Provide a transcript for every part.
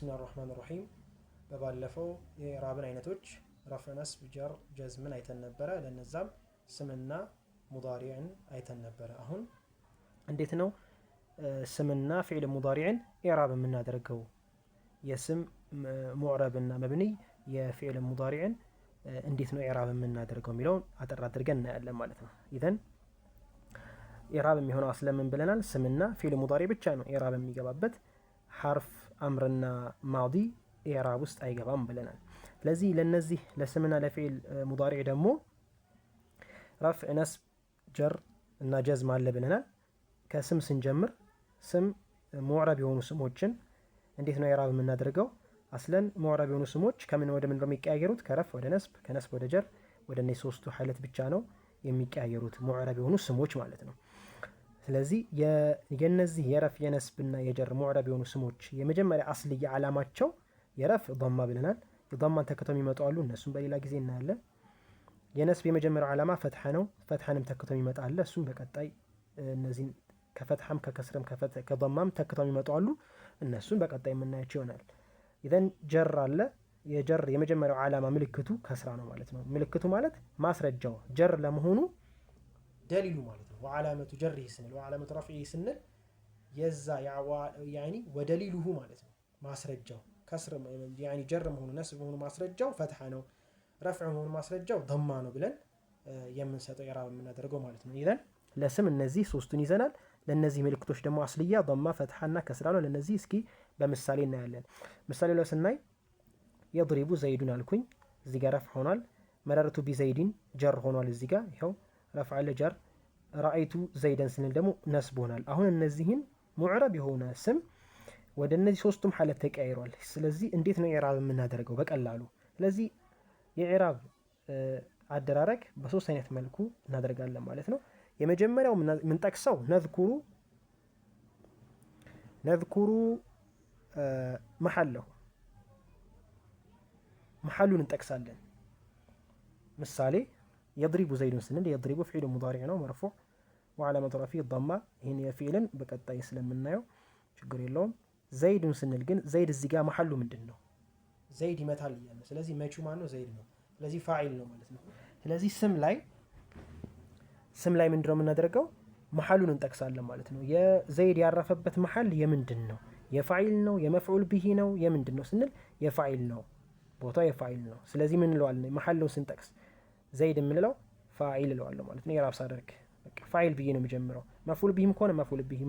ብስሚላህ ራህማን ራሂም በባለፈው የኢዕራብን አይነቶች ረፈነስ ጀር ጀዝምን አይተን ነበረ ለነዛም ስምና ሙዳሪዕን አይተን ነበረ አሁን እንዴት ነው ስምና ፊዕል ሙዳሪዕን ኢዕራብ የምናደርገው የስም ሙዕረብና መብንይ የፊዕል ሙዳሪዕን እንዴት ነው ኢዕራብ የምናደርገው የሚለውን አጠር አድርገን እናያለን ማለት ነው ኢዘን ኢዕራብ የሚሆነው አስለምን ብለናል ስምና ፊዕል ሙዳሪ ብቻ ነው ኢዕራብ የሚገባበት ሐርፍ አምርና ማዲ ኢዕራብ ውስጥ አይገባም ብለናል። ስለዚህ ለነዚህ ለስምና ለፊዕል ሙዳሪዕ ደግሞ ረፍዕ፣ ነስብ፣ ጀር እና ጀዝም አለ ብለናል። ከስም ስንጀምር ስም ሙዕረብ የሆኑ ስሞችን እንዴት ነው ኢዕራብ የምናደርገው? አስለን ሙዕረብ የሆኑ ስሞች ከምን ወደ ምን የሚቀያየሩት? ከረፍ ወደ ነስብ፣ ከነስብ ወደ ጀር። ወደ እነዚህ ሶስቱ ሀይለት ብቻ ነው የሚቀያየሩት ሙዕረብ የሆኑ ስሞች ማለት ነው። ስለዚህ የነዚህ የረፍ የነስብና የጀር ሙዕረብ የሆኑ ስሞች የመጀመሪያ አስልየ ዓላማቸው የረፍ ማ ብለናል። የማን ተክተው የሚመጡ አሉ። እነሱም በሌላ ጊዜ እናያለን። የነስብ የመጀመሪያው ዓላማ ፈትሐ ነው። ፈትሐንም ተክተው የሚመጣ አለ። እሱም በቀጣይ እነዚህን ከፈትሐም ከከስርም ከማም ተክተው የሚመጡ አሉ። እነሱም በቀጣይ የምናያቸው ይሆናል። ኢዘን ጀር አለ። የጀር የመጀመሪያው ዓላማ ምልክቱ ከስራ ነው ማለት ነው። ምልክቱ ማለት ማስረጃው ጀር ለመሆኑ ደሊሉ ማለት ነው። ወዓላመቱ ጀሪህ ስንል ወዓላመቱ ረፍዒ ስንል የዛ ወደሊሉሁ ማለት ነው ማስረጃው ከስር ጀር መሆኑ ነስብ መሆኑ ማስረጃው ፈትሐ ነው፣ ረፍዕ መሆኑ ማስረጃው ደማ ነው ብለን የምንሰጠው የራብ የምናደርገው ማለት ነው። ኢዘን ለስም እነዚህ ሶስቱን ይዘናል። ለእነዚህ ምልክቶች ደግሞ አስልያ፣ ደማ፣ ፈትሐና ከስራ ነው። ለእነዚህ እስኪ በምሳሌ እናያለን። ምሳሌ ላይ ስናይ የድሪቡ ዘይዱን አልኩኝ፣ እዚህ ጋር ረፍዕ ሆኗል። መረርቱ ቢዘይዲን ጀር ሆኗል፣ እዚህ ጋር ይኸው ረፍዐ ለጀር ራአይቱ ዘይደን ስንል ደግሞ ነስብ ሆናል። አሁን እነዚህን ሙዕረብ የሆነ ስም ወደ እነዚህ ሶስቱም ሐለት ተቀያይሯል። ስለዚህ እንዴት ነው ኢዕራብ የምናደርገው? በቀላሉ ስለዚህ የኢዕራብ አደራረግ በሶስት አይነት መልኩ እናደርጋለን ማለት ነው። የመጀመሪያው የምንጠቅሰው ነዝኩሩ ነዝኩሩ መሐለሁ መሐሉን እንጠቅሳለን ምሳሌ የድሪቡ ዘይዱን ስንል የድሪቡ ፊዕሉ ሙዳሪዕ ነው መርፉዕ ወዓላመቱ ረፊዕ ዷማ። ይህን የፊዕልን በቀጣይ ስለምናየው ችግር የለውም። ዘይዱን ስንል ግን ዘይድ እዚህ ጋር መሐሉ ምንድን ነው? ዘይድ ይመታል እያለ ስለዚህ መቹ ማን ነው? ዘይድ ነው። ስለዚህ ፋዒል ነው ማለት ነው። ስለዚህ ስም ላይ ስም ላይ ምንድን ነው የምናደርገው? መሐሉን እንጠቅሳለን ማለት ነው። የዘይድ ያረፈበት መሐል የምንድን ነው? የፋዒል ነው የመፍዑል ብሂ ነው የምንድን ነው ስንል የፋዒል ነው፣ ቦታ የፋዒል ነው። ስለዚህ ምን እንለዋለን? መሐሉን ስንጠቅስ ዘይድ የምንለው ፋይል እለዋለሁ ማለት ነው። የራብ ሳደርግ ፋይል ብዬ ነው የምጀምረው። መፉል ቢህም ከሆነ መፉል ቢህ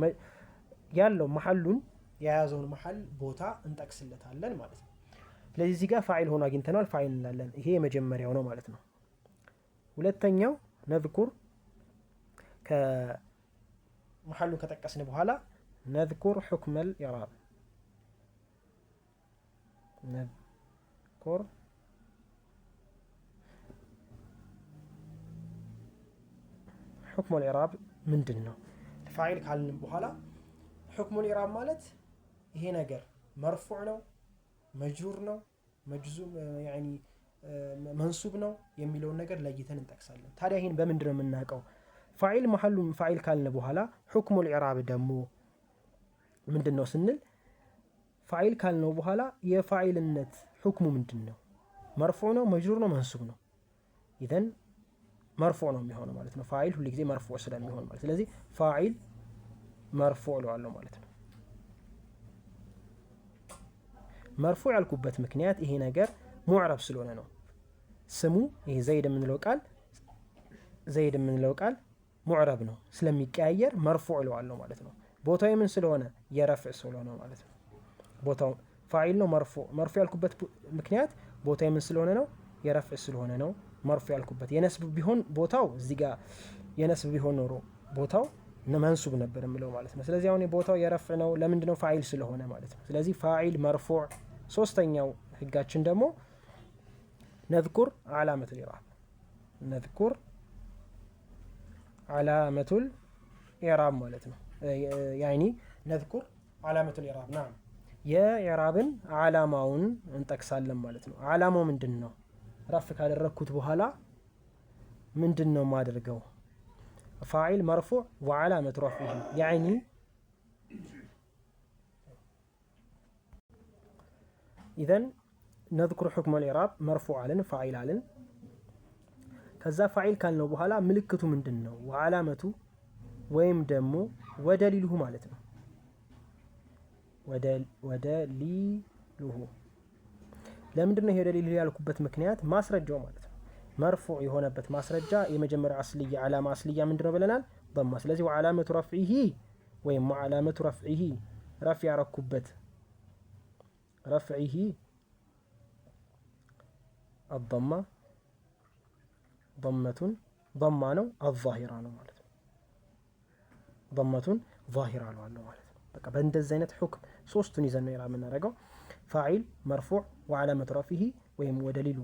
ያለው መሐሉን የያዘውን መሐል ቦታ እንጠቅስለታለን ማለት ነው። ስለዚህ እዚህ ጋር ፋይል ሆኖ አግኝተነዋል። ፋይል እንላለን። ይሄ የመጀመሪያው ነው ማለት ነው። ሁለተኛው ነዝኩር መሐሉን ከጠቀስን በኋላ ነዝኩር ሑክመል ኢዕራብ ነዝኩር ሑክሙል ኢራብ ምንድን ነው? ፋይል ካልንም በኋላ ሑክሙል ኢራብ ማለት ይሄ ነገር መርፉዕ ነው፣ መጅሩር ነው፣ መንሱብ ነው የሚለውን ነገር ለይተን እንጠቅሳለን። ታዲያ ይህን በምንድን ነው የምናውቀው? ፋይል መሀሉም ፋይል ካልን በኋላ ሑክሙል ኢራብ ደግሞ ምንድን ነው ስንል ፋይል ካልነው በኋላ የፋይልነት ሑክሙ ምንድን ነው? መርፉዕ ነው፣ መጅሩር ነው፣ መንሱብ ነው። ኢዘን መርፎ ነው የሚሆነው ማለት ነው። ፋይል ሁል ጊዜ መርፎ ስለሚሆን ማለት ስለዚህ ፋይል መርፎ እለዋለሁ ማለት ነው። መርፎ ያልኩበት ምክንያት ይሄ ነገር ሙዕረብ ስለሆነ ነው። ስሙ ይሄ ዘይድ የምንለው ቃል ዘይድ የምንለው ቃል ሙዕረብ ነው ስለሚቀያየር መርፎ እለዋለሁ ማለት ነው። ቦታው የምን ስለሆነ የረፍዕ ስለሆነ ማለት ነው። ቦታው ፋይል ነው። መርፎ ያልኩበት ምክንያት ቦታ የምን ስለሆነ ነው የረፍዕ ስለሆነ ነው። መርፎ ያልኩበት የነስብ ቢሆን ቦታው እዚህ ጋር የነስብ ቢሆን ኖሮ ቦታው መንሱብ ነበር የምለው ማለት ነው። ስለዚህ አሁን ቦታው የረፍዕ ነው። ለምንድ ነው? ፋዒል ስለሆነ ማለት ነው። ስለዚህ ፋዒል መርፉዕ። ሶስተኛው ህጋችን ደግሞ ነዝኩር አላመቱል ኢዕራብ ነዝኩር አላመቱል ኢዕራብ ማለት ነው። ያኒ ነዝኩር አላመቱል ኢዕራብ ና የኢዕራብን አላማውን እንጠቅሳለን ማለት ነው። አላማው ምንድን ነው? ረፍ ካደረግኩት በኋላ ምንድን ነው ማደርገው? ፋዒል መርፉዕ ወዓላመት ረፍዒሂ ያዕኒ ኢዘን ነዝኩር ሑክመ ልዕራብ መርፉዕ አልን ፋዒል አልን። ከዛ ፋዒል ካልነው በኋላ ምልክቱ ምንድን ነው? ወዓላመቱ ወይም ደግሞ ወደሊልሁ ማለት ነው። ወደሊልሁ ለምንድን ነው ይሄ ደሊል ያልኩበት ምክንያት ማስረጃው ማለት ነው መርፉዕ የሆነበት ማስረጃ የመጀመሪያ አስልያ ዓላማ አስልያ ምንድን ነው ብለናል በማ ስለዚህ ወዓላመቱ ረፍዒሂ ወይም ወዓላመቱ ረፍዒሂ ረፍ ያረኩበት ረፍዒሂ አማ መቱን በማ ነው አዛሂራ ነው ማለት ነው በመቱን ዛሂራ አለዋለሁ ማለት ነው በቃ በእንደዚህ አይነት ሁክም ሶስቱን ይዘን ነው የምናደርገው ፋዒል መርፉዕ ወዓላመቱ ረፊሂ ወይም ወደሊሉ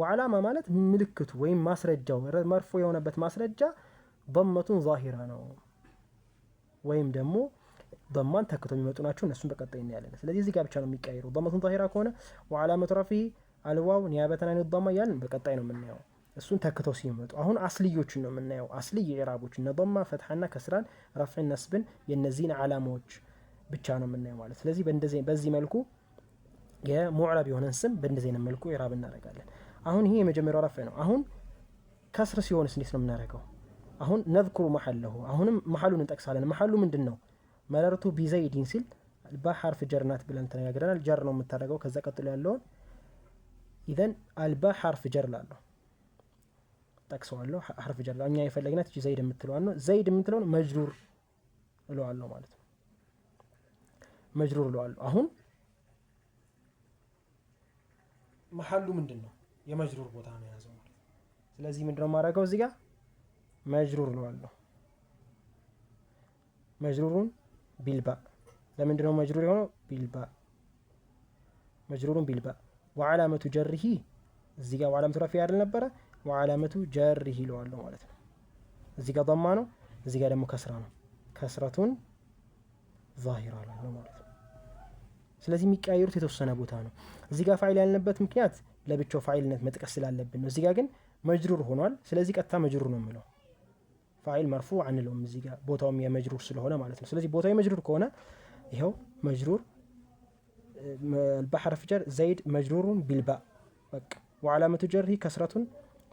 ወዓላማ ማለት ምልክቱ ወይም ማስረጃው መርፉዕ የሆነበት ማስረጃ በመቱን ዛሂራ ነው ወይም ደግሞ በማን ተክቶ የሚመጡ ናቸው። እነሱን በቀጣይ እናያለን። ስለዚህ እዚህ ጋር ብቻ ነው የሚቀይሩ። በመቱን ዛሂራ ከሆነ ወዓላመቱ ረፊሂ አልዋው ኒያበተን አይኑ ማ እያልን በቀጣይ ነው የምናየው። እሱን ተክተው ሲመጡ አሁን አስልዮችን ነው የምናየው። አስልይ የኢዕራቦች እነ ዶማ፣ ፈትሐና ከስራን፣ ረፍዕን፣ ነስብን የእነዚህን ዓላማዎች ብቻ ነው የምናየው ማለት ስለዚህ በዚህ መልኩ የሙዕረብ የሆነን ስም በእንደዚህ አይነት መልኩ ኢራብ እናደርጋለን። አሁን ይሄ የመጀመሪያው ረፍዕ ነው። አሁን ከስር ሲሆንስ እንዴት ነው የምናደርገው? አሁን ነዝኩሩ መሐለሁ፣ አሁንም መሐሉን እንጠቅሳለን። መሐሉ ምንድን ነው? መረርቱ ቢዘይዲን ሲል ጀር ናት ብለን ተነጋግረናል። ጀር ነው የምታደርገው። ከዛ ቀጥሎ ያለውን ኢዘን አልባ ሐርፍ ጀር ላለሁ ጠቅሰዋለሁ። ሐርፍ ጀር እኛ የፈለግናት እ ዘይድ የምትለዋን ነው። ዘይድ የምትለውን መጅሩር እለዋለሁ ማለት ነው። መጅሩር እለዋለሁ አሁን መሀሉ ምንድን ነው? የመጅሩር ቦታ ነው የያዘው ማለት ነው። ስለዚህ ምንድን ነው የማደርገው እዚህ ጋር መጅሩር ነው አለው። መጅሩሩን ቢልባ ለምንድን ነው መጅሩር የሆነው? ቢልባ መጅሩሩን ቢልባ ወዓላመቱ ጀርሂ እዚህ ጋር ወዓላመቱ ረፊ አይደል ነበረ? ወዓላመቱ ጀርሂ ይለዋለሁ ማለት ነው። እዚህ ጋር ማ ነው፣ እዚህ ጋር ደግሞ ከስራ ነው። ከስረቱን ዛሂራ እላለሁ ማለት ነው። ስለዚህ የሚቀያየሩት የተወሰነ ቦታ ነው። እዚህ ጋር ፋይል ያልንበት ምክንያት ለብቻው ፋይልነት መጥቀስ ስላለብን ነው። እዚህ ጋር ግን መጅሩር ሆኗል። ስለዚህ ቀጥታ መጅሩር ነው የምለው። ፋይል መርፉ አንለውም። እዚህ ጋር ቦታውም የመጅሩር ስለሆነ ማለት ነው። ስለዚህ ቦታው የመጅሩር ከሆነ ይኸው መጅሩር በሐርፍ ጀር ዘይድ መጅሩሩን ቢልባ በቃ ወዓላመቱ ጀርሂ ከስረቱን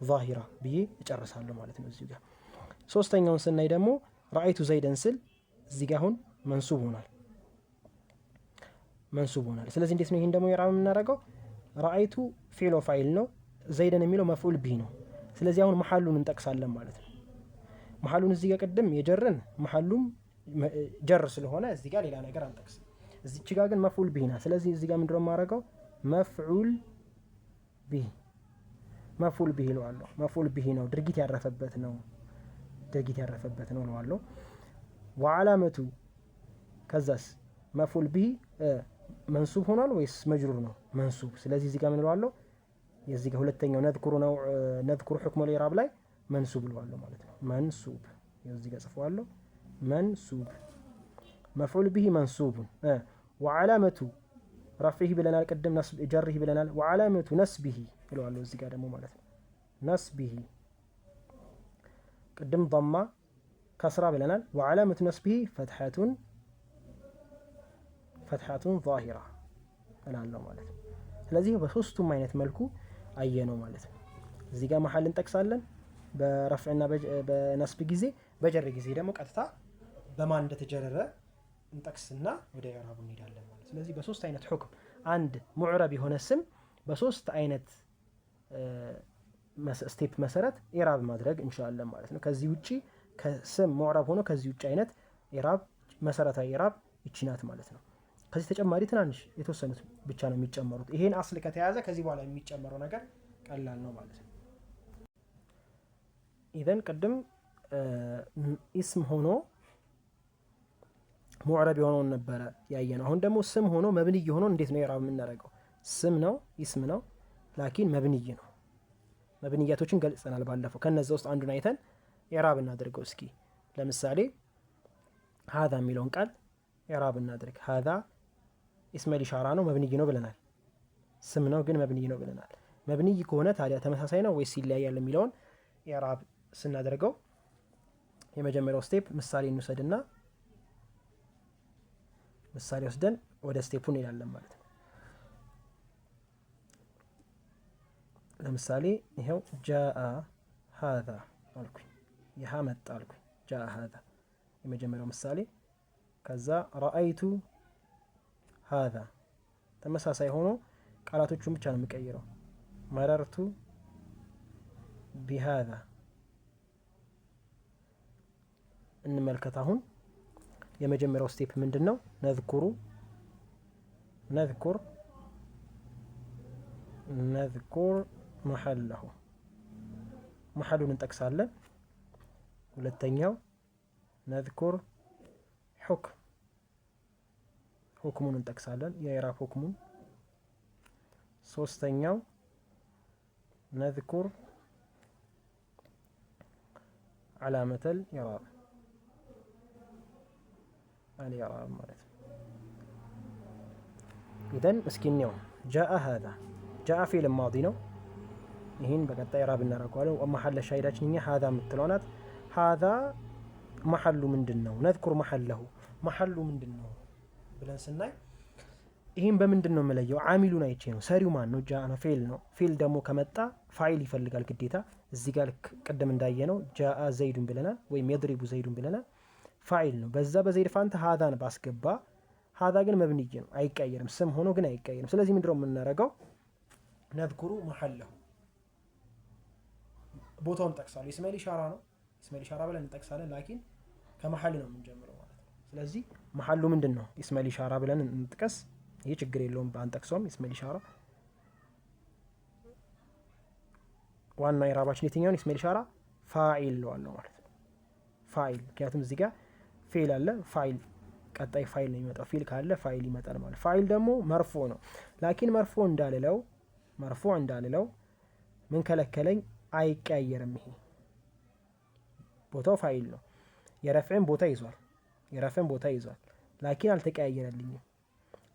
ዛሂራ ብዬ እጨርሳለሁ ማለት ነው። እዚህ ጋር ሶስተኛውን ስናይ ደግሞ ረአይቱ ዘይደን ስል እዚህ ጋር አሁን መንሱብ ሆኗል። መንሱብ ሆናል። ስለዚህ እንዴት ነው ይህን ደግሞ ኢዕራብ የምናደርገው? ረአይቱ ፊሎ ፋይል ነው። ዘይደን የሚለው መፍዑል ቢህ ነው። ስለዚህ አሁን መሐሉን እንጠቅሳለን ማለት ነው። መሐሉን እዚህ ጋር ቅድም የጀርን መሐሉም ጀር ስለሆነ እዚህ ጋር ሌላ ነገር አንጠቅስም። እዚች ጋር ግን መፍዑል ቢህ ና። ስለዚህ እዚህ ጋር ምንድነው የማደርገው? መፍዑል ቢህ መፍዑል ቢህ እለዋለሁ። መፍዑል ቢህ ነው፣ ድርጊት ያረፈበት ነው። ድርጊት ያረፈበት ነው እለዋለሁ። ወዓላመቱ ከዛስ መፍዑል ቢህ መንሱብ ሆኗል ወይስ መጅሩር ነው? መንሱብ። ስለዚህ እዚህ ጋር ምን እለዋለሁ? የዚህ ጋር ሁለተኛው ነድኩሩ ነው። ነድኩሩ ሕክሙ ልኢራብ ላይ መንሱብ እለዋለሁ ማለት ነው። መንሱብ የዚህ ጋር ጽፈዋለሁ። መንሱብ መፍዑል ብሂ መንሱቡን ወዓላመቱ ረፊሂ ብለናል፣ ቅድም ጀርሂ ብለናል። ወዓላመቱ ነስቢሂ እለዋለሁ እዚህ ጋር ደግሞ ማለት ነው። ነስቢሂ ቅድም ضማ ከስራ ብለናል። ወዓላመቱ ነስቢሂ ፈትሐቱን ፈትሐቱን ዛሂራ እላለሁ ማለት ነው። ስለዚህ በሶስቱም አይነት መልኩ አየነው ማለት ነው። እዚህ ጋር መሀል እንጠቅሳለን በረፍዕና በነስብ ጊዜ፣ በጀር ጊዜ ደግሞ ቀጥታ በማን እንደተጀረረ እንጠቅስና ወደ ኢዕራቡ እንሄዳለን ማለት ስለዚህ በሶስት አይነት ሑክም አንድ ሙዕረብ የሆነ ስም በሶስት አይነት ስቴፕ መሰረት ኢዕራብ ማድረግ እንችላለን ማለት ነው። ከዚህ ውጭ ከስም ሙዕረብ ሆኖ ከዚህ ውጭ አይነት ኢዕራብ መሰረታዊ ኢዕራብ ይቺ ማለት ነው። ከዚህ ተጨማሪ ትናንሽ የተወሰኑት ብቻ ነው የሚጨመሩት። ይሄን አስል ከተያዘ ከዚህ በኋላ የሚጨመረው ነገር ቀላል ነው ማለት ነው። ኢዘን ቅድም ኢስም ሆኖ ሙዕረብ የሆነውን ነበረ ያየ ነው። አሁን ደግሞ ስም ሆኖ መብንይ ሆኖ እንዴት ነው የራብ የምናደርገው? ስም ነው ኢስም ነው ላኪን መብንይ ነው። መብንያቶችን ገልጸናል ባለፈው። ከነዚ ውስጥ አንዱን አይተን ኤራብ እናድርገው እስኪ። ለምሳሌ ሀዛ የሚለውን ቃል ኢዕራብ እናድርግ ሀዛ ኢስመል ኢሻራ ነው መብንይ ነው ብለናል። ስም ነው ግን መብንይ ነው ብለናል። መብንይ ከሆነ ታዲያ ተመሳሳይ ነው ወይስ ይለያያል የሚለውን የራብ ስናደርገው የመጀመሪያው ስቴፕ ምሳሌ እንውሰድና ምሳሌ ወስደን ወደ ስቴፑ እንሄዳለን ማለት ነው። ለምሳሌ ይኸው ጃአ ሀዛ አልኩኝ፣ ይሃ መጣ አልኩኝ። ጃአ ሀዛ የመጀመሪያው ምሳሌ። ከዛ ረአይቱ ሀዛ ተመሳሳይ ሆኖ ቃላቶቹን ብቻ ነው የሚቀይረው መረርቱ ቢሃዛ እንመልከት። አሁን የመጀመሪያው ስቴፕ ምንድን ነው? ነዝኩሩ ነዝኩር ነዝኩር መሐለሁ መሐሉን እንጠቅሳለን። ሁለተኛው ነዝኩር ሑክም ሁክሙን እንጠቅሳለን የኢራቅ ሁክሙን። ሶስተኛው ነዝኩር ዓላመተል ኢራቅ አልኢራቅ ማለት ነው። ኢዘን እስኪ እንየው። ጃአ ሀዛ ጃአ ፊል ማዲ ነው። ይህን በቀጣይ ራብ እናደርገዋለን። መሐለ ሻሂዳችን እኛ ሀዛ የምትለዋናት ሀዛ መሐሉ ምንድን ነው? ነዝኩር መሐለሁ መሐሉ ምንድን ነው? ብለን ስናይ ይህም በምንድን ነው የምለየው? አሚሉን አይቼ ነው። ሰሪው ማን ነው? ጃአ ነው። ፌል ነው። ፌል ደግሞ ከመጣ ፋይል ይፈልጋል ግዴታ። እዚህ ጋር ቅድም እንዳየ ነው ጃአ ዘይዱን ብለናል፣ ወይም የድሪቡ ዘይዱን ብለናል። ፋይል ነው። በዛ በዘይድ ፋንታ ሀዛን ባስገባ፣ ሀዛ ግን መብንይ ነው፣ አይቀየርም። ስም ሆኖ ግን አይቀየርም። ስለዚህ ነው የምናደርገው? ነዝኩሩ መሐለሁ ቦታውን ጠቅሳለሁ። ኢስማኤል ኢሻራ ነው። ኢስማኤል ኢሻራ ብለን እንጠቅሳለን። ላኪን ከመሐል ነው የምንጀምረው ማለት ነው። ስለዚህ መሀሉ ምንድን ነው? ኢስመል ኢሻራ ብለን እንጥቀስ። ይህ ችግር የለውም በአንጠቅሰውም። ኢስመል ኢሻራ ዋና የራባችን የትኛውን ኢስመል ኢሻራ ፋኢል ለዋለው ማለት ነው። ፋይል ምክንያቱም እዚህ ጋር ፌል አለ ፋይል ቀጣይ ፋይል ነው የሚመጣው። ፊል ካለ ፋይል ይመጣል ማለት ፋይል ደግሞ መርፎ ነው። ላኪን መርፎ እንዳልለው መርፎ እንዳልለው ምን ከለከለኝ? አይቀያየርም። ይሄ ቦታው ፋይል ነው። የረፍዕን ቦታ ይዟል። የረፍዕን ቦታ ይዟል። ላኪን አልተቀያየረልኝም።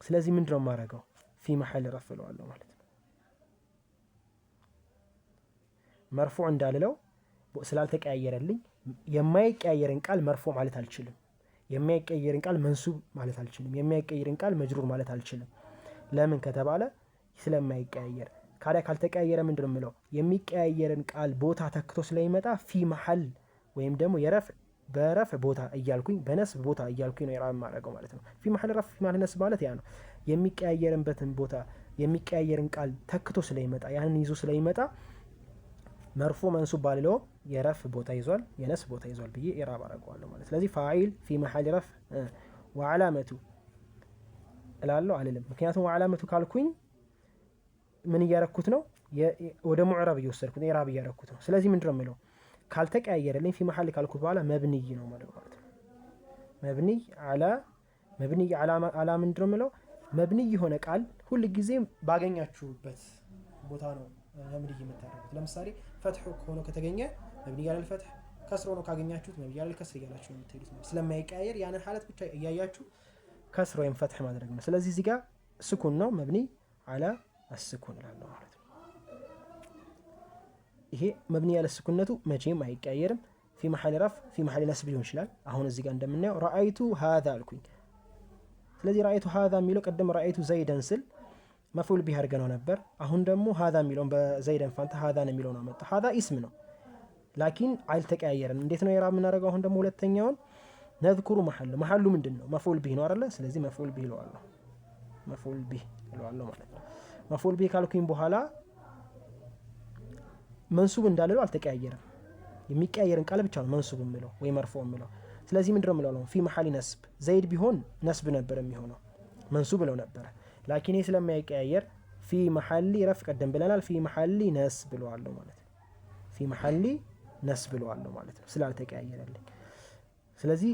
ስለዚህ ምንድነው የማደርገው? ፊ መሐል ረፍ እለዋለሁ ማለት ነው። መርፉዕ እንዳልለው ስላልተቀያየረልኝ የማይቀያየርን ቃል መርፎ ማለት አልችልም። የማይቀየርን ቃል መንሱብ ማለት አልችልም። የማይቀየርን ቃል መጅሩር ማለት አልችልም። ለምን ከተባለ ስለማይቀያየር። ካዲያ ካልተቀያየረ ምንድን ነው የምለው? የሚቀያየርን ቃል ቦታ ተክቶ ስለሚመጣ ፊ መሐል ወይም ደግሞ የረፍዕ በረፍ ቦታ እያልኩኝ በነስብ ቦታ እያልኩኝ ነው ኢራብ ማድረገው ማለት ነው። ፊ ማህል ረፍ ፊ ማህል ነስብ ማለት ያ ነው። የሚቀያየርንበትን ቦታ የሚቀያየርን ቃል ተክቶ ስለይመጣ ያንን ይዞ ስለይመጣ መርፎ መንሱብ ባልለው የረፍ ቦታ ይዟል፣ የነስብ ቦታ ይዟል ብዬ ኢራብ አደርገዋለሁ ማለት ስለዚህ ፋኢል ፊ መሀል ረፍ ወዓላመቱ እላለሁ አልልም። ምክንያቱም ወዓላመቱ ካልኩኝ ምን እያረኩት ነው? ወደ ሙዕረብ እየወሰድኩት ኢራብ እያረኩት ነው። ስለዚህ ምንድነው የምለው ካልተቀያየረልኝ ፊ መሐል ካልኩት በኋላ መብንይ ነው ማለት ማለት ነው። መብንይ አላ መብንይ አላ ምንድን ነው የምለው? መብንይ የሆነ ቃል ሁል ጊዜ ባገኛችሁበት ቦታ ነው መብንይ የምታደርጉት። ለምሳሌ ፈትሕ ሆኖ ከተገኘ መብንይ አለል ፈትሕ፣ ከስር ሆኖ ካገኛችሁት መብንይ አለል ከስር እያላችሁ የምትሄዱት ነው። ስለማይቀያየር ያንን ሀለት ብቻ እያያችሁ ከስር ወይም ፈትሕ ማድረግ ነው። ስለዚህ እዚህ ጋር ስኩን ነው መብንይ አላ አስኩን እላለሁ ማለት ይሄ መብኒ ያለ ስኩነቱ መቼም አይቀየርም። ፊ መሐል ረፍ ፊ መሐል ነስብ ሊሆን ይችላል። አሁን እዚህ ጋር እንደምናየው ረአይቱ ሀዛ አልኩኝ። ስለዚህ ረአይቱ ሀዛ የሚለው ቅድም ረአይቱ ዘይደን ስል መፍዑል ቢህ አድርገነው ነበር። አሁን ደግሞ ሀዛ የሚለውን በዘይደን ፋንታ ሀዛን የሚለውን አመጣ። ሀዛ ኢስም ነው፣ ላኪን አልተቀያየርን። እንዴት ነው የራ የምናደርገው? አሁን ደግሞ ሁለተኛውን ነዝኩሩ መሐሉ መሐሉ ምንድን ነው? መፍዑል ቢህ ነው አይደለ? ስለዚህ መፍዑል ቢህ እለዋለሁ፣ መፍዑል ቢህ እለዋለሁ ማለት ነው። መፍዑል ቢህ ካልኩኝ በኋላ መንሱብ እንዳልለው አልተቀያየርም። የሚቀያየርን ቃል ብቻ ነው መንሱብ የምለው ወይ መርፎ የምለው። ስለዚህ ምንድነው የምለው ነው ፊ መሐሊ ነስብ ዘይድ ቢሆን ነስብ ነበር የሚሆነው መንሱብ ብለው ነበረ። ላኪን ይህ ስለማይቀያየር ፊ መሐሊ ረፍ ቀደም ብለናል። ፊ መሐሊ ነስ ብለዋለሁ ማለት ነው። ፊ መሐሊ ነስ ብለዋለሁ ማለት ነው ስላልተቀያየረልኝ። ስለዚህ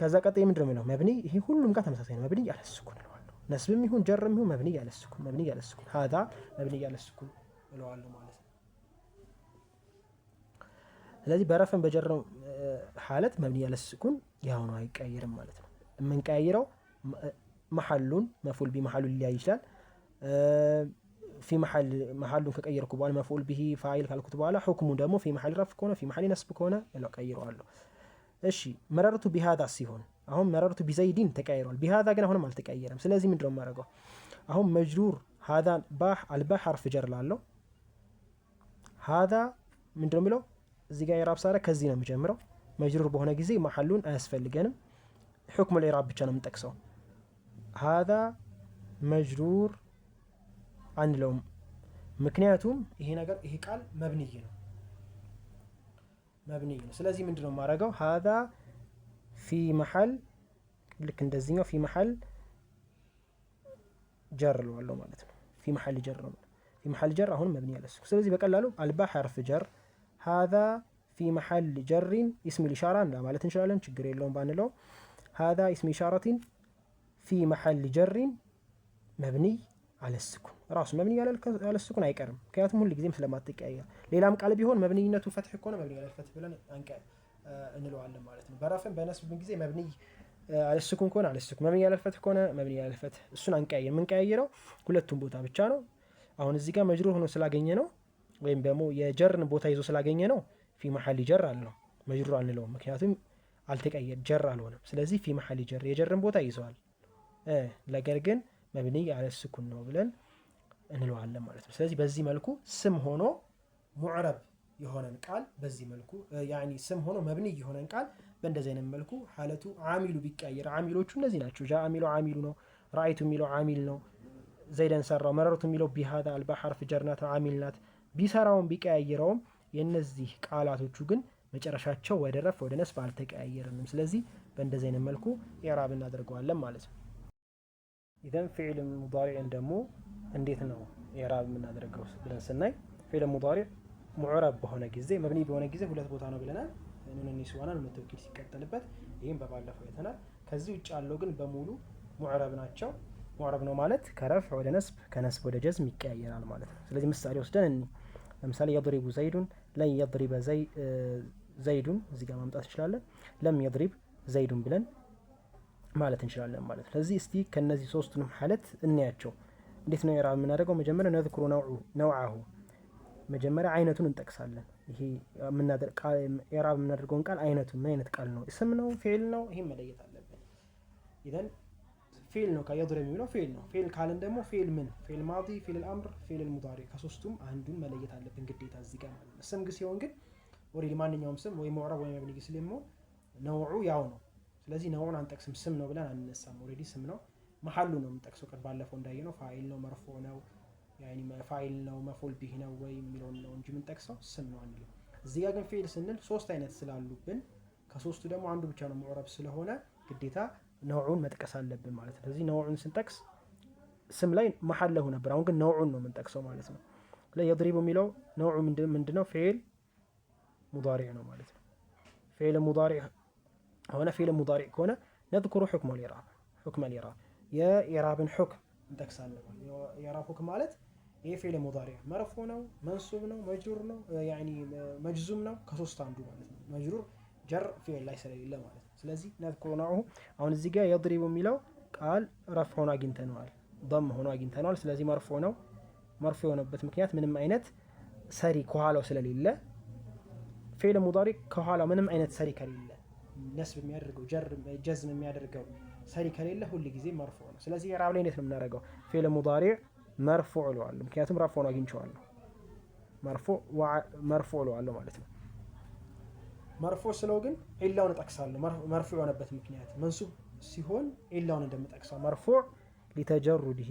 ከዛ ቀጣይ ምንድነው የምለው መብኒ። ይሄ ሁሉም ጋር ተመሳሳይ ነው። መብኒ ያለ እለዋለሁ። ነስብም ይሁን ጀርም ይሁን መብኒ ያለ መብኒ ያለ ሀዛ መብኒ ያለ እለዋለሁ ማለት ነው። ስለዚህ በረፍን በጀረው ሐለት መብንያ ለስኩን ያሁኑ አይቀየርም ማለት ነው። የምንቀያይረው መሐሉን መፉል ቢ መሐሉን ሊለያይ ይችላል። ፊ መሐሉን ከቀየርኩ በኋላ መፉል ቢሂ ፋይል ካልኩት በኋላ ሁክሙ ደግሞ ፊ መሐል ረፍ ከሆነ ፊ መሐል ነስብ ከሆነ ቀይረዋለሁ። እሺ መረርቱ ቢሃዳ ሲሆን አሁን መረርቱ ቢዘይዲን ተቀያይረዋል። ቢሃዳ ግን አሁንም አልተቀየረም። ስለዚህ ምንድነው የማደርገው አሁን መጅሩር ሀዳ አልባ ሐርፍ ጀር ላለው ሀዳ ምንድነው የሚለው እዚህ ጋር የኢራብ ሳረ ከዚህ ነው የሚጀምረው። መጅሩር በሆነ ጊዜ መሐሉን አያስፈልገንም። ሕክሙ ልኢራብ ብቻ ነው የምንጠቅሰው። ሀዛ መጅሩር አንለውም፣ ምክንያቱም ይሄ ነገር ይሄ ቃል መብንይ ነው መብንይ ነው። ስለዚህ ምንድን ነው የማደርገው? ሀዛ ፊ መሐል ልክ እንደዚህኛው ፊ መሐል ጀር እለዋለሁ ማለት ነው። ፊ መሐል ጀር ፊ መሐል ጀር አሁን መብንይ ያለሱ። ስለዚህ በቀላሉ አልባ ሐርፍ ጀር ሃዛ ፊ መሐል ጀሪን ኢስሚል ኢሻራ እንዳ እንችላለን። ችግር የለውም ባንለው። ሃዛ ኢስሚ ኢሻራቲን ፊ መሐል ጀሪን መብንይ አለስኩን ራሱ መብንይ አለስኩን አይቀርም፣ ምክንያቱም ሁል ጊዜም ስለማትቀያየር። ሌላም ቃል ቢሆን መብኒይነቱ ፈትሕ ከሆነ መብኒይ አለልፈትሕ ብለን አንቀ እንለዋለን ማለት ነው። በረፍን በነስብ ጊዜ መብኒይ አለስኩን ከሆነ አለስኩን፣ መብኒይ አለልፈትሕ ከሆነ መብኒይ አለልፈትሕ። እሱን አንቀያየር። የምንቀያየረው ሁለቱም ቦታ ብቻ ነው። አሁን እዚህ ጋር መጅሩር ሆኖ ስላገኘ ነው። ወይም ደግሞ የጀርን ቦታ ይዞ ስላገኘ ነው ፊ መሐሊ ጀር አለው መጅሩ አንለውም፣ ምክንያቱም አልተቀየር ጀር አልሆነም። ስለዚህ ፊ መሐሊ ጀር የጀርን ቦታ ይዘዋል፣ ነገር ግን መብኒ አለ ነው ብለን እንለዋለን ማለት ነው። ስለዚህ በዚህ መልኩ ስም ሆኖ ሙዕረብ የሆነን ቃል በዚህ መልኩ ስም ሆኖ መብኒ የሆነን ቃል በእንደዚህ አይነት መልኩ ሀለቱ አሚሉ ቢቀየር አሚሎቹ እነዚህ ናቸው። ጃ አሚሉ አሚሉ ነው። ራአይቱ የሚለው አሚል ነው። ዘይደን ሰራው። መረርቱ የሚለው ቢሃዳ አልባ ሐርፍ ጀርናት አሚልናት ቢሰራውም ቢቀያይረውም የእነዚህ ቃላቶቹ ግን መጨረሻቸው ወደ ረፍ ወደ ነስብ አልተቀያየርንም። ስለዚህ በእንደዚህ አይነት መልኩ ኢዕራብ እናደርገዋለን ማለት ነው። ኢዘን ፊዕል ሙዳሪዕን ደግሞ እንዴት ነው ኢዕራብ የምናደርገው ብለን ስናይ ፊዕል ሙዳሪዕ ሙዕረብ በሆነ ጊዜ መብኒ በሆነ ጊዜ ሁለት ቦታ ነው ብለናል። ኑን ሲሆናል መተውኪድ ሲቀጠልበት፣ ይህም በባለፈው አይተናል። ከዚህ ውጭ ያለው ግን በሙሉ ሙዕረብ ናቸው። ሙዕረብ ነው ማለት ከረፍ ወደ ነስብ ከነስብ ወደ ጀዝም ይቀያየራል ማለት ነው። ስለዚህ ምሳሌ ወስደን ለምሳሌ የድሪቡ ዘይዱን ለን የድሪበ ዘይዱን እዚህ ጋር ማምጣት እንችላለን። ለም የድሪብ ዘይዱን ብለን ማለት እንችላለን ማለት ነው። ስለዚህ እስቲ ከነዚህ ሶስቱንም ሐለት እናያቸው እንዴት ነው ኢዕራብ የምናደርገው? መጀመሪያ ነዝክሩ ነውዓሁ መጀመሪያ አይነቱን እንጠቅሳለን። ይሄ ኢዕራብ የምናደርገውን ቃል አይነቱን ምን አይነት ቃል ነው? ስም ነው? ፊዕል ነው? ይህም መለየት አለብን። ፊል ነው ከየድረብ የሚለው ፊል ነው። ፊል ካልን ደግሞ ፊል ምን ፊል ማዲ፣ ፊል አምር፣ ፊል ሙዳሪ ከሶስቱም አንዱን መለየት አለብን ግዴታ እዚህ ጋር ማለት ነው። ስም ግን ሲሆን ግን ኦልሬዲ ማንኛውም ስም ወይ ሙዕረብ ወይ መብኒ ሊሞ ነውዑ ያው ነው። ስለዚህ ነውዑን አንጠቅስም ስም ነው ብለን አንነሳም። ኦሬዲ ስም ነው። መሐሉ ነው የምንጠቅሰው። ቀን ባለፈው እንዳየ ነው ፋይል ነው መርፎ ነው ፋይል ነው መፎል ቢህ ነው ወይ የሚለውን ነው እንጂ የምንጠቅሰው ስም ነው አንልም። እዚህ ጋር ግን ፊል ስንል ሶስት አይነት ስላሉብን ከሶስቱ ደግሞ አንዱ ብቻ ነው ሙዕረብ ስለሆነ ግዴታ ነውዑን መጥቀስ አለብን ማለት ነው። ስለዚህ ነውዑን ስንጠቅስ ስም ላይ መሀል ለሁ ነበር። አሁን ግን ነውዑን ነው የምንጠቅሰው ማለት ነው። የድሪቡ የሚለው ነውዑ ምንድነው? ፊዕል ሙዳሪዕ ነው ማለት ነው። ፊዕል ሙዳሪዕ ሆነ ፊዕል ሙዳሪዕ ከሆነ ነዝኩሩ ሑክም ልኢራብ ሑክም ልኢራብ የኢራብን ሑክም እንጠቅሳለን። የኢራብ ሑክም ማለት ይህ ፊዕል ሙዳሪዕ መርፉ ነው፣ መንሱብ ነው፣ መጅሩር ነው፣ መጅዙም ነው። ከሶስት አንዱ ማለት ነው። መጅሩር ጀር ፊዕል ላይ ስለሌለ ማለት ነው። ስለዚህ ነዝኩሩናሁ አሁን እዚህ ጋር የድሪቡ የሚለው ቃል ረፍ ሆኖ አግኝተነዋል፣ ም ሆኖ አግኝተነዋል። ስለዚህ መርፎ ነው። መርፎ የሆነበት ምክንያት ምንም አይነት ሰሪ ከኋላው ስለሌለ ፊዕል ሙዳሪ ከኋላው ምንም አይነት ሰሪ ከሌለ ነስብ የሚያደርገው ጀዝም የሚያደርገው ሰሪ ከሌለ ሁል ጊዜ መርፎ ነው። ስለዚህ የራብ ላይ እንዴት ነው የምናደርገው? ፊዕል ሙዳሪ መርፎ እለዋለሁ፣ ምክንያቱም ረፍ ሆኖ አግኝቼዋለሁ። መርፎ እለዋለሁ ማለት ነው። መርፎ ስለው ግን ኢላውን እጠቅሳለሁ። መርፎ የሆነበት ምክንያት መንሱብ ሲሆን ኢላውን እንደምጠቅሰው መርፎ ሊተጀሩድሂ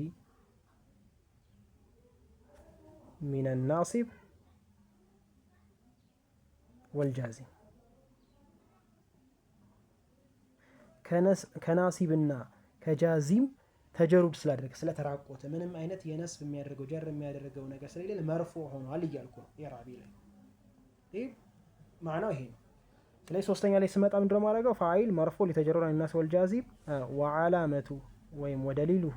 ሚን ናሲብ ወልጃዚም ከናሲብና ከጃዚም ተጀሩድ ስላደረገ ስለተራቆተ ምንም አይነት የነስብ የሚያደርገው ጀር የሚያደርገው ነገር ስለሌለ መርፎ ሆኗል እያልኩ ነው። የራቢ ላይ ማዕናው ይሄ ነው። ስለዚህ ሶስተኛ ላይ ስመጣ ምንድነው ማድረገው? ፋይል መርፎ ሊተጀረራ ናስ ወልጃዚም ወዓላመቱ ወይም ወደሊሉሁ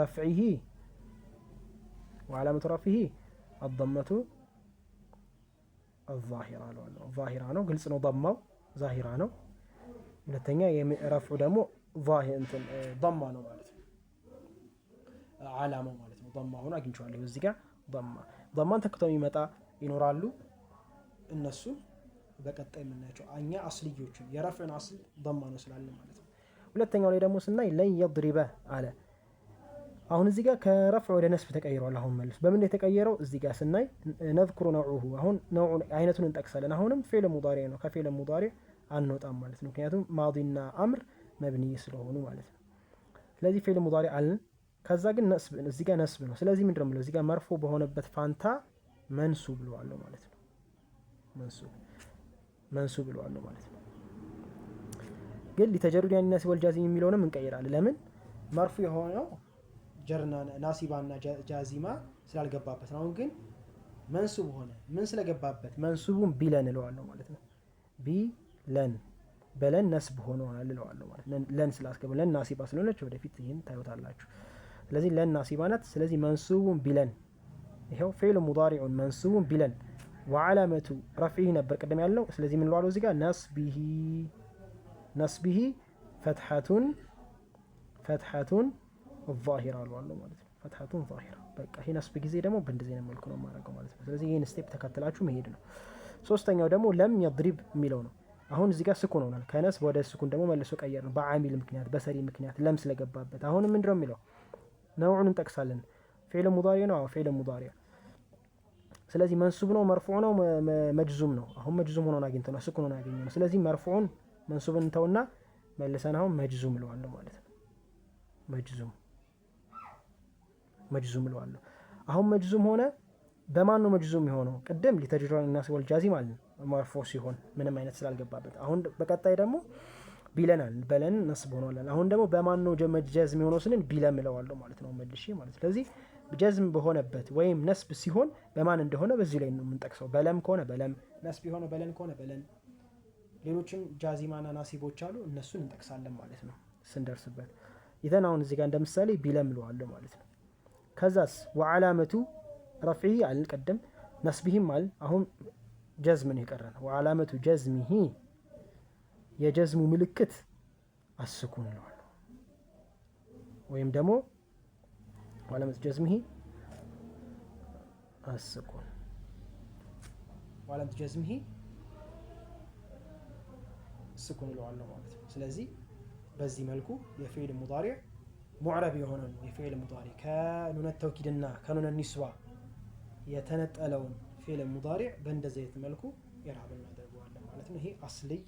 ረፍዒሂ ወዓላመቱ ረፍዒሂ አضመቱ ዛሂራ ነው። ዛሂራ ነው፣ ግልጽ ነው። ضማው ዛሂራ ነው። ሁለተኛ ረፍዑ ደግሞ ضማ ነው ማለት ነው። ዓላማው ማለት ነው። ضማ ሆኖ አግኝቼዋለሁ እዚህ ጋር ضማ ضማን ተክተው የሚመጣ ይኖራሉ እነሱ በቀጣይ የምናያቸው እኛ አስልዮቹን የረፍዕን አስል በማ ነው ስላለን ማለት ነው። ሁለተኛው ላይ ደግሞ ስናይ ለን የድሪበ አለ። አሁን እዚህ ጋር ከረፍዕ ወደ ነስብ ተቀይሯል። አሁን መልስ በምን የተቀየረው እዚህ ጋር ስናይ ነዝኩሩ ነውዑሁ አሁን ነውዑን አይነቱን እንጠቅሳለን። አሁንም ፊዕል ሙዳሪ ነው። ከፊዕል ሙዳሪ አንወጣም ማለት ነው። ምክንያቱም ማዲና አምር መብኒ ስለሆኑ ማለት ነው። ስለዚህ ፊዕል ሙዳሪ አልን። ከዛ ግን ነስብ እዚህ ጋር ነስብ ነው። ስለዚህ ምንድነው ነው የምለው እዚህ ጋር መርፎ በሆነበት ፋንታ መንሱብ ብለዋለሁ ማለት ነው። መንሱብ መንሱብ ብለዋለሁ ማለት ነው። ግን ሊተጀሩድ ያኒ ናሲባ ወልጃዚም የሚለውንም እንቀይራለን። ለምን መርፉ የሆነው ጀርና ናሲባና ጃዚማ ስላልገባበት ነው። አሁን ግን መንሱብ ሆነ ምን ስለገባበት መንሱቡን ቢለን እለዋለሁ ማለት ነው። ቢለን በለን ነስብ ሆኖ እለዋለሁ ማለት ነው። ለን ስላስገባ ለን ናሲባ ስለሆነች ወደፊት ይህን ታዩታላችሁ። ስለዚህ ለን ናሲባ ናት። ስለዚህ መንሱቡን ቢለን ይኸው ፊዕሉ ሙዳሪዑን መንሱቡን ቢለን ወዓላመቱ ረፍዒ ነበር ቅድም ያለው። ስለዚህ ምን ለዋለው እዚህ ጋር ነስቢሂ ነስቢሂ ፈትሐቱን ፈትሐቱን ዛሂራ አለዋለሁ ማለት ነው። ፈትሐቱን ዛሂራ በቃ ይህ ነስብ ጊዜ ደግሞ በእንደዚህ አይነት መልኩ ነው የማደርገው ማለት ነው። ስለዚህ ይህን ስቴፕ ተከትላችሁ መሄድ ነው። ሶስተኛው ደግሞ ለም የድሪብ የሚለው ነው። አሁን እዚህ ጋር ስኩን ሆናል። ከነስብ ወደ ስኩን ደግሞ መልሶ ቀየር ነው በአሚል ምክንያት በሰሪ ምክንያት ለም ስለገባበት። አሁንም ምንድነው የሚለው ነውዑን እንጠቅሳለን። ፊዕል ሙዳሪ ነው ፊዕል ሙዳሪ ስለዚህ መንሱብ ነው መርፉዕ ነው መጅዙም ነው። አሁን መጅዙም ሆኖ አግኝተ ነው ስኩን ሆኖ ነው። ስለዚህ መርፉዑን መንሱብን እንተውና መልሰን አሁን መጅዙም እለዋለሁ ማለት ነው። መጅዙም መጅዙም እለዋለሁ። አሁን መጅዙም ሆነ በማን ነው መጅዙም የሆነው? ቅድም ሊተጅሯን እና ወል ጃዚ ማለት ነው መርፎዕ ሲሆን ምንም አይነት ስላልገባበት። አሁን በቀጣይ ደግሞ ቢለናል በለን ነስብ ሆኗለን። አሁን ደግሞ በማን ነው ጀመጀዝ የሆነው ስንል ቢለም እለዋለሁ ማለት ነው መልሼ ማለት ስለዚህ ጀዝም በሆነበት ወይም ነስብ ሲሆን በማን እንደሆነ በዚህ ላይ ነው የምንጠቅሰው። በለም ከሆነ በለም ነስብ የሆነ በለን ከሆነ በለን ሌሎችም ጃዚማና ናሲቦች አሉ። እነሱን እንጠቅሳለን ማለት ነው ስንደርስበት። ይዘን አሁን እዚህ ጋር እንደምሳሌ ቢለም ለዋለ ማለት ነው። ከዛስ ወዓላመቱ ረፍዒ አልን ቀደም አል አሁን ጀዝም ነው የቀረን። ወዓላመቱ ጀዝሚሂ የጀዝሙ ምልክት አስኩን እለዋለሁ ወይም ደግሞ ዋለመት ጀዝሚሂ አስቁን ዋለመት ጀዝሚሂ ስኩን እለዋለሁ ማለት ነው። ስለዚህ በዚህ መልኩ የፌል ሙዳሪዕ ሙዕረብ የሆነውን የፊዕል ሙዳሪዕ ከኑነ ተውኪድና ከኑነ ኒስዋ የተነጠለውን ፌል ሙዳሪዕ በእንደዚህ አይነት መልኩ ኢዕራብ እናደርገዋለን ማለት ነው። ይሄ አስልይ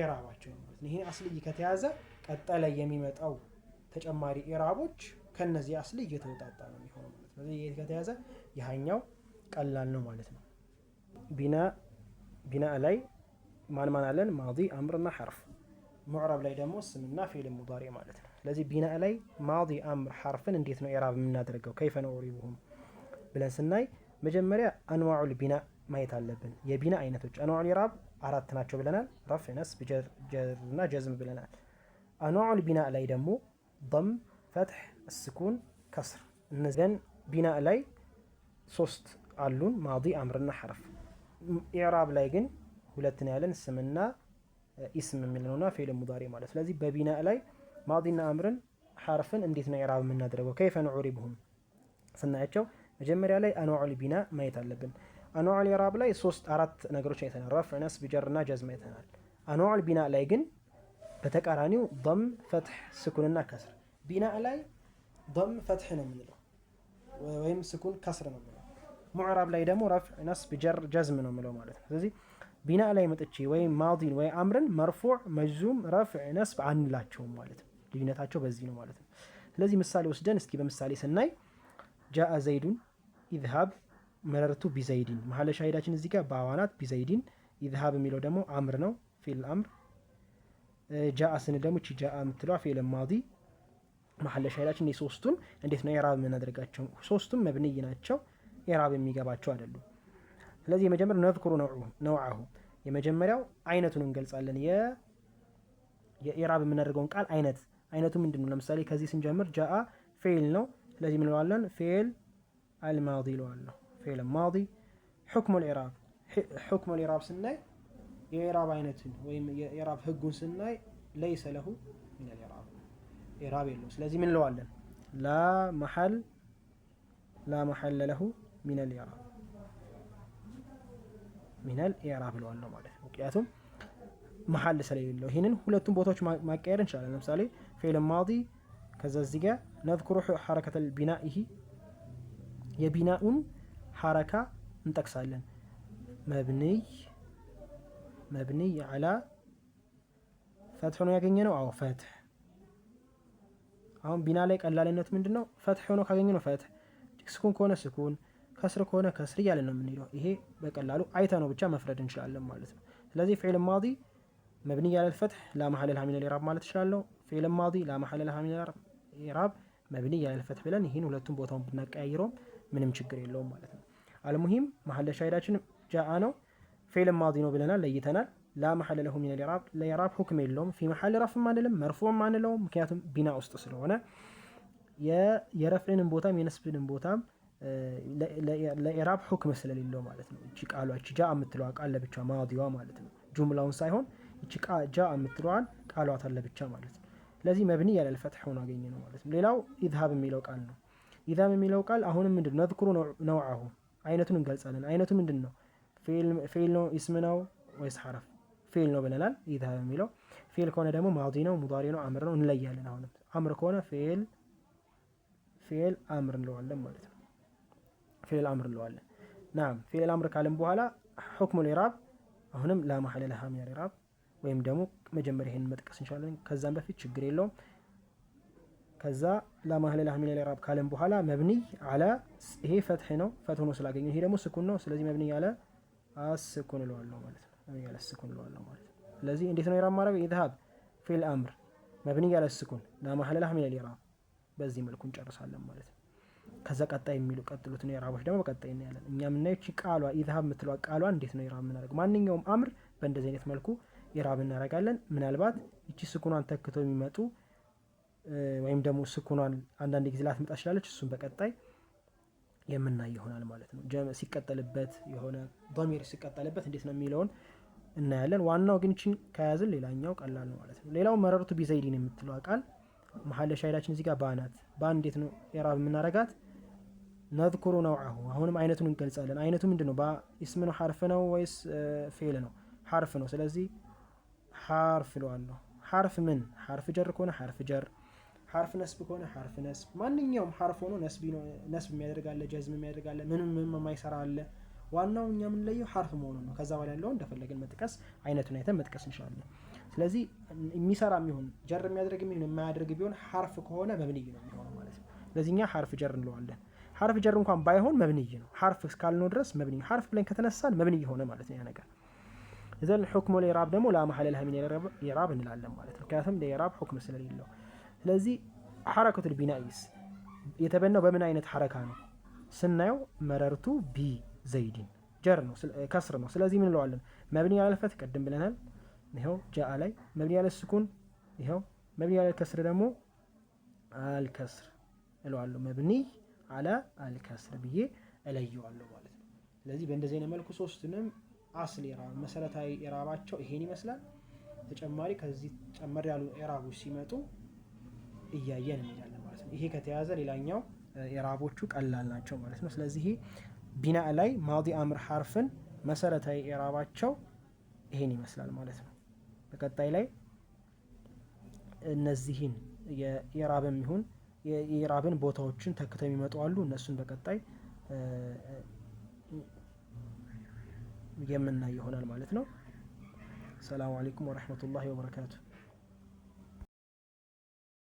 ኢራባቸው ማለት ነው። ይሄ አስልይ ከተያዘ ቀጠለ የሚመጣው ተጨማሪ ኢዕራቦች ከእነዚህ አስል እየተወጣጣ ነው የሚሆነው ማለት ነው። ስለዚህ ከተያዘ ያህኛው ቀላል ነው ማለት ነው። ቢና ቢና ላይ ማን ማን አለን? ማዲ አምርና ሐርፍ። ሙዕራብ ላይ ደግሞ ስምና ፊል ሙዳሪ ማለት ነው። ስለዚህ ቢና ላይ ማዲ አምር ሐርፍን እንዴት ነው ኢዕራብ የምናደርገው? ከይፈ ነው ሪቡሁም ብለን ስናይ መጀመሪያ አንዋዑል ቢና ማየት አለብን። የቢና አይነቶች አንዋዑል ኢዕራብ አራት ናቸው ብለናል። ረፍዕ፣ ነስብ፣ ጀርና ጀዝም ብለናል። አንዋዑል ቢና ላይ ደግሞ ضም፣ ፈትሕ ስኩን፣ ከስር እነዚያን ቢና ላይ ሶስት አሉን ማዲ፣ አምርና ሐረፍ። ኢዕራብ ላይ ግን ሁለትን ያለን ስምና ኢስም የሚለውና ፊዕል ሙዳሪ ማለት። ስለዚህ በቢና ላይ ማዲና አምርን ሐረፍን እንዴት ነው ኢዕራብ የምናደርገው? ከይፈ ንዑሪብሁም ስናያቸው መጀመሪያ ላይ አንዋዑል ቢና ማየት አለብን። አንዋዑል ኢዕራብ ላይ ሶስት አራት ነገሮች አይተናል። ረፍዕ፣ ነስብ፣ ጀርና ጀዝም አይተናል። አንዋዑል ቢና ላይ ግን በተቃራኒው ضም፣ ፈትሕ፣ ስኩንና ከስር ቢና ላይ ዶም ፈትሕ ነው የምንለው ወይም ስኩን ከስር ነው የምንለው። ሙዕራብ ላይ ደግሞ ረፍዕ ነስብ ጀር ጀዝም ነው የምለው ማለት ነው። ስለዚህ ቢና ላይ መጥቼ ወይም ማዲን ወይ አምርን መርፉዕ መጅዙም ረፍዕ ነስብ አንላቸውም ማለት ነው። ልዩነታቸው በዚህ ነው ማለት ነው። ስለዚህ ምሳሌ ወስደን እስኪ በምሳሌ ስናይ ጃአ ዘይዱን ኢዝሃብ መረርቱ ቢዘይዲን መሀለ ሻሂዳችን እዚህ ጋር በአዋናት ቢዘይዲን ኢዝሃብ የሚለው ደግሞ አምር ነው ፊል አምር ጃአ ስንል ደግሞ ቺ ጃአ የምትለዋ ፊል ማዲ መሐለ እኔ ሶስቱን እንዴት ነው የራብ የምናደርጋቸው? ሶስቱም መብንይ ናቸው፣ የራብ የሚገባቸው አይደሉም። ስለዚህ የመጀመሪያው ነዝኩሩ ነውዓሁ፣ የመጀመሪያው አይነቱን እንገልጻለን። የኢራብ የምናደርገውን ቃል አይነት አይነቱ ምንድን ነው? ለምሳሌ ከዚህ ስንጀምር ጃአ ፌል ነው። ስለዚህ ምንለዋለን? ፌል አልማዲ ይለዋለሁ። ፌል ማዲ። ሕክሙ ልኢራብ ሕክሙ ልኢራብ ስናይ የኢራብ አይነትን ወይም የኢራብ ህጉን ስናይ ለይሰ ለሁ ሚነል ኢራብ ኢራብ የለው ስለዚህ ምን እንለዋለን? ላ መሐል ላ መሐለ ለሁ ሚነል ኢራብ ሚነል ኢራብ ብለዋለሁ ማለት ነው። ምክንያቱም መሐል ስለሌለው ይህንን ሁለቱም ቦታዎች ማቀየር እንችላለን። ለምሳሌ ፊዕል ማዲ ከዛ እዚህ ጋር ነዝኩሩ ሐረከተል ቢና ይሄ የቢናኡን ሐረካ እንጠቅሳለን። መብንይ መብንይ ዐላ ፈትሕ ነው ያገኘ ነው። አዎ ፈትሕ አሁን ቢና ላይ ቀላልነት ምንድን ነው? ሆኖ ካገኘ ነው ፈትህ፣ ስኩን ከሆነ ስኩን፣ ከስር ከሆነ ከስር እያለ ነው የምንሄደው። ይሄ በቀላሉ አይተ ነው ብቻ መፍረድ እንችላለን ማለት ነው። ስለዚህ ፊዕል ማዲ መብኒ ያለል ፈትሕ ላ መሐለል ሀሚነል ኢራብ ማለት እችላለሁ። ፊዕል ማዲ ላ መሐለል ሀሚነል ኢራብ መብኒ ያለል ፈትሕ ብለን ይህን ሁለቱም ቦታውን ብናቀያይረውም ምንም ችግር የለውም ማለት ነው። አልሙሂም መሐለ ሻሂዳችን ጃአ ነው። ፊዕል ማዲ ነው ብለናል፣ ለይተናል። ላ መሐለ ለሁ ሚን ሊራብ ለኢራብ ሁክም የለውም። ፊ መሐል ረፍም አንልም መርፎም አንለውም። ምክንያቱም ቢና ውስጥ ስለሆነ የረፍዕንም ቦታም የነስብንም ቦታም ለኢራብ ሁክም ስለሌለው ማለት ነው። እቺ ቃሏ እቺ ጃ የምትለዋ ቃል ለብቻ ማዲዋ ማለት ነው። ጁምላውን ሳይሆን እቺ ጃ የምትለዋን ቃሏታን ለብቻ ማለት ነው። ስለዚህ መብኒ ያለ ልፈትሕ ሆኖ አገኘ ነው ማለት ነው። ሌላው ኢዝሃብ የሚለው ቃል ነው። ኢዝሃብ የሚለው ቃል አሁንም ምንድን ነው? ነዝኩሩ ነውዓሁ አይነቱን እንገልጻለን። አይነቱ ምንድን ነው? ፊል ነው? ኢስም ነው ወይስ ሐረፍ ፌል ነው ብለናል። ኢዛ የሚለው ፌል ከሆነ ደግሞ ማዲ ነው፣ ሙዳሪ ነው፣ አምር ነው እንለያለን። አሁንም አምር ከሆነ ፌል ፌል አምር እንለዋለን ማለት ነው። ፌል አምር እንለዋለን። ናም ፌል አምር ካለን በኋላ ሁክሙ ልኢራብ አሁንም ላ መሐለ ለሃ ሚን ኢራብ ወይም ደግሞ መጀመሪያ ይሄን መጥቀስ እንችላለን። ከዛም በፊት ችግር የለውም። ከዛ ላ መሐለ ለሃ ሚን ኢራብ ካለን በኋላ መብኒይ አለ ይሄ ፈትህ ነው፣ ፈትህ ነው ስላገኘ ይሄ ደግሞ ስኩን ነው። ስለዚህ መብኒይ አለ አስኩን እለዋለሁ ማለት ነው። ያለስኩን እለዋለሁ ማለት ነው። ስለዚህ እንዴት ነው ኢራብ ማድረግ? ኢዝሃብ ፊል አምር መብኒ ያለስኩን ላማህለላህ ሚነል ኢራብ በዚህ መልኩ እንጨርሳለን ማለት ነው። ከዛ ቀጣይ የሚሉ ቀጥሉት ነው ኢራቦች ደግሞ በቀጣይ እናያለን። እኛ የምናየች ቃሏ ኢዝሃብ የምትለዋ ቃሏ እንዴት ነው ኢራብ የምናደርግ? ማንኛውም አምር በእንደዚህ አይነት መልኩ ኢራብ እናደርጋለን። ምናልባት እቺ ስኩኗን ተክቶ የሚመጡ ወይም ደግሞ ስኩኗን አንዳንድ ጊዜ ላትመጣ ትችላለች። እሱን በቀጣይ የምናይ ይሆናል ማለት ነው። ጀመ ሲቀጠልበት የሆነ ዶሚር ሲቀጠልበት እንዴት ነው የሚለውን እናያለን። ዋናው ግን ችን ከያዝን ሌላኛው ቀላል ነው ማለት ነው። ሌላው መረርቱ ቢዘይድን የምትለው ቃል መሀል ሻይዳችን እዚህ ጋር ባናት ባን እንዴት ነው ኢዕራብ የምናረጋት? ነዝኩሩ ነውዐሁ አሁንም አይነቱን እንገልጻለን። አይነቱ ምንድን ነው? በኢስም ነው ሐርፍ ነው ወይስ ፌል ነው? ሐርፍ ነው። ስለዚህ ሐርፍ እለዋለሁ። ሐርፍ ምን ሐርፍ ጀር ከሆነ ሐርፍ ጀር፣ ሐርፍ ነስብ ከሆነ ሐርፍ ነስብ። ማንኛውም ሐርፍ ሆኖ ነስብ የሚያደርጋለ፣ ጀዝም የሚያደርጋለ፣ ምንም ምንም የማይሰራ አለ ዋናው እኛ የምንለየው ሀርፍ መሆኑ ነው። ከዛ በኋላ ያለውን እንደፈለግን መጥቀስ አይነቱን አይተን መጥቀስ እንችላለን። ስለዚህ የሚሰራ የሚሆን ጀር የሚያደርግ የሚሆን የማያደርግ ቢሆን ሀርፍ ከሆነ መብንይ ነው የሚሆነው ማለት ነው። ስለዚህ እኛ ሀርፍ ጀር እንለዋለን። ሀርፍ ጀር እንኳን ባይሆን መብንይ ነው። ሀርፍ እስካልነው ድረስ መብንይ ሀርፍ ብለን ከተነሳን መብንይ ሆነ ማለት ነው ያ ነገር። እዘን ሑክሙ ለኢራብ ደግሞ ላመሀለል ሀሚን ኢራብ እንላለን ማለት ነው። ምክንያቱም ለኢራብ ሑክም ስለሌለው ስለዚህ ሐረከቱል ቢናኢስ የተበናው በምን አይነት ሐረካ ነው ስናየው መረርቱ ቢ ዘይድን ጀር ነው ከስር ነው ስለዚህ ምን እንለዋለን መብኒ ያለልፈት ቅድም ብለናል ይኸው ጃአ ላይ መብኒ ያለ ስኩን ይኸው መብኒ ያለ ከስር ደግሞ አልከስር እለዋለሁ መብኒ አለ አልከስር ብዬ እለየዋለሁ ማለት ነው ስለዚህ በእንደዚህ አይነት መልኩ ሶስቱንም አስል ኢራብ መሰረታዊ ኢራባቸው ይሄን ይመስላል ተጨማሪ ከዚህ ጨመር ያሉ ኢራቦች ሲመጡ እያየን እንሄዳለን ማለት ነው ይሄ ከተያዘ ሌላኛው ኢራቦቹ ቀላል ናቸው ማለት ነው ስለዚህ ቢና ላይ ማዲ አምር ሐርፍን መሰረታዊ ኢዕራባቸው ይሄን ይመስላል ማለት ነው። በቀጣይ ላይ እነዚህን የኢዕራብም ይሁን የኢራብን ቦታዎችን ተክተው የሚመጡ አሉ። እነሱን በቀጣይ የምናይ ይሆናል ማለት ነው። ሰላሙ አለይኩም ወረሕመቱላሂ ወበረካቱ።